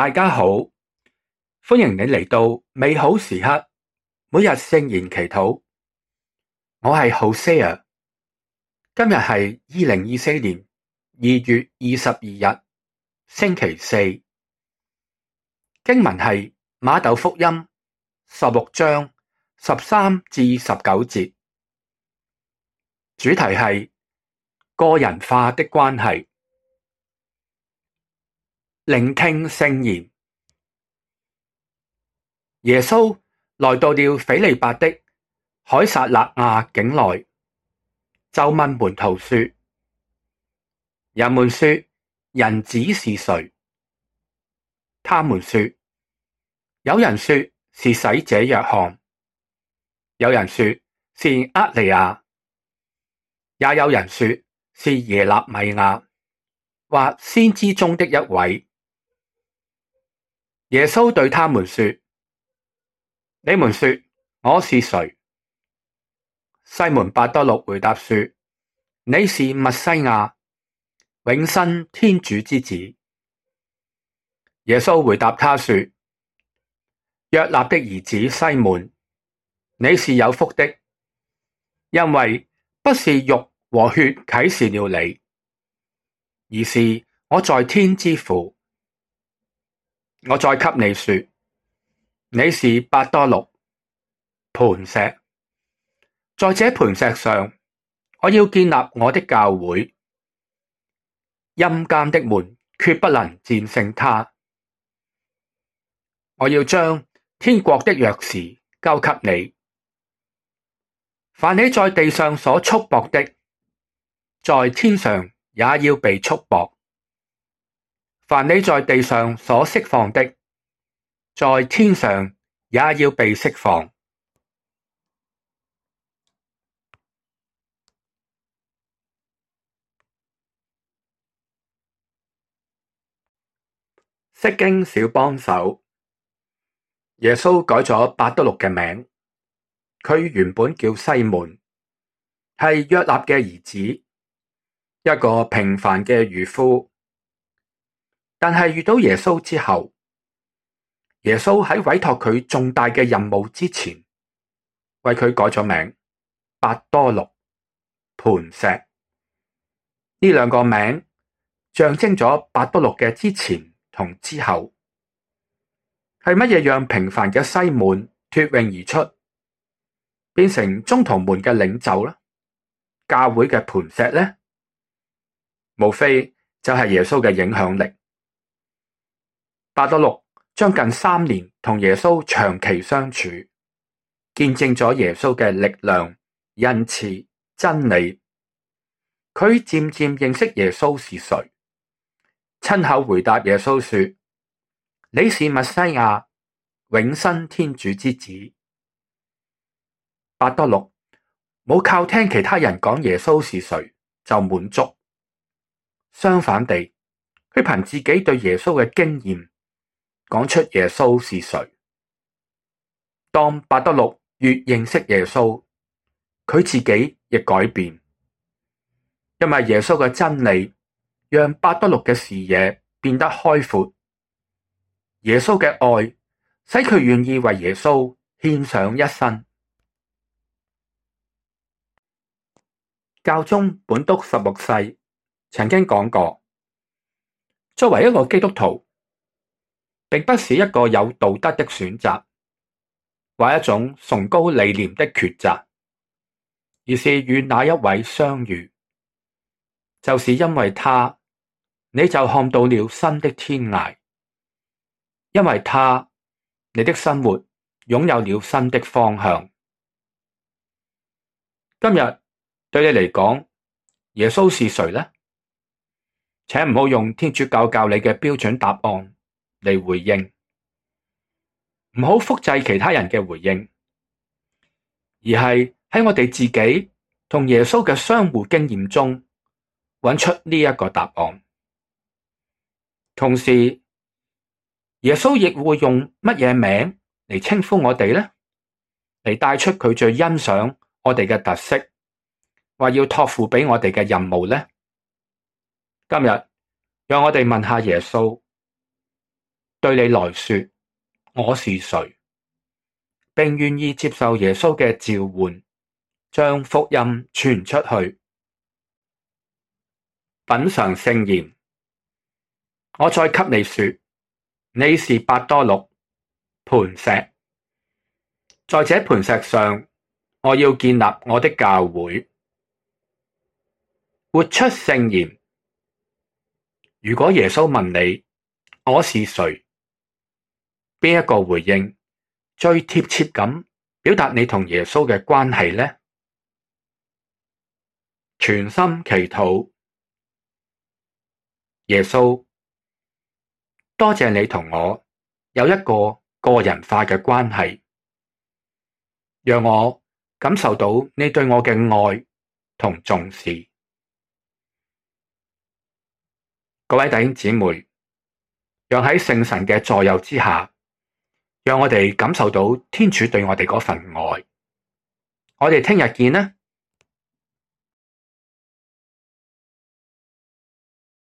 大家好，歡迎你嚟到美好時刻，每日聖言祈禱。我係 Hosea，今日係二零二四年二月二十二日，星期四。經文係馬竇福音十六章十三至十九節，主題係個人化的關係。聆聽聖言，耶穌來到了裴理伯的凱撒勒雅境內，就問門徒說：人們說人子是誰？他們說：有人說是洗者若翰，有人說是厄里亞，也有人說是耶肋米亞或先知中的一位。耶穌對他們說：你們說我是誰？西滿伯多祿回答說：你是默西亞，永生天主之子。耶穌回答他說：約納的兒子西滿，你是有福的，因為不是肉和血啟示了你，而是我在天之父。我再給你說，你是伯多祿磐石，在這磐石上，我要建立我的教會。陰間的門決不能戰勝它。我要將天國的鑰匙交給你。凡你在地上所束縛的，在天上也要被束縛。凡你在地上所釋放的，在天上也要被釋放。釋經小幫手，耶穌改咗伯多祿嘅名，佢原本叫西滿，係約納嘅兒子，一個平凡嘅漁夫。但係遇到耶穌之後，耶穌喺委託佢重大嘅任務之前，為佢改咗名，伯多祿磐石呢兩個名，象徵咗伯多祿嘅之前同之後，係乜嘢讓平凡嘅西滿脫穎而出，變成宗徒們嘅領袖呢？教會嘅磐石呢？無非就係耶穌嘅影響力。伯多祿將近三年同耶穌長期相處，見證咗耶穌嘅力量、仁慈、真理。佢漸漸認識耶穌是誰，親口回答耶穌說：「你是默西亞，永生天主之子。伯多祿冇靠聽其他人講耶穌是誰就滿足，相反地，佢憑自己對耶穌嘅經驗。講出耶穌是誰。當伯多祿越認識耶穌，佢自己亦改變，因為耶穌嘅真理讓伯多祿嘅視野變得開闊，耶穌嘅愛使佢願意為耶穌獻上一生。教宗本篤十六世曾經講過，作為一個基督徒。並不是一個有道德的選擇，或一種崇高理念的抉擇，而是與那一位相遇，就是因為他，你就看到了新的天涯，因為他，你的生活擁有了新的方向。今日對你嚟講，耶穌是誰呢？請唔好用天主教教理嘅標準答案，嚟回應，唔好複製其他人嘅回應，而係喺我哋自己同耶穌嘅相互經驗中揾出呢一個答案。同時，耶穌亦會用乜嘢名嚟稱呼我哋咧？嚟帶出佢最欣賞我哋嘅特色，話要託付俾我哋嘅任務咧？今日讓我哋問下耶穌。對你來說，我是誰？並願意接受耶穌嘅召喚，將福音傳出去。品嘗聖言。我再給你說，你是伯多祿磐石，在這磐石上，我要建立我的教會。活出聖言。如果耶穌問你，我是誰？邊一個回應最貼切咁表達你同耶穌嘅關係呢？全心祈禱，耶穌，多謝你同我有一個個人化嘅關係，讓我感受到你對我嘅愛同重視。各位弟兄姊妹，讓喺聖神嘅助佑之下。讓我哋感受到天主對我哋嗰份愛，我哋聽日見啦。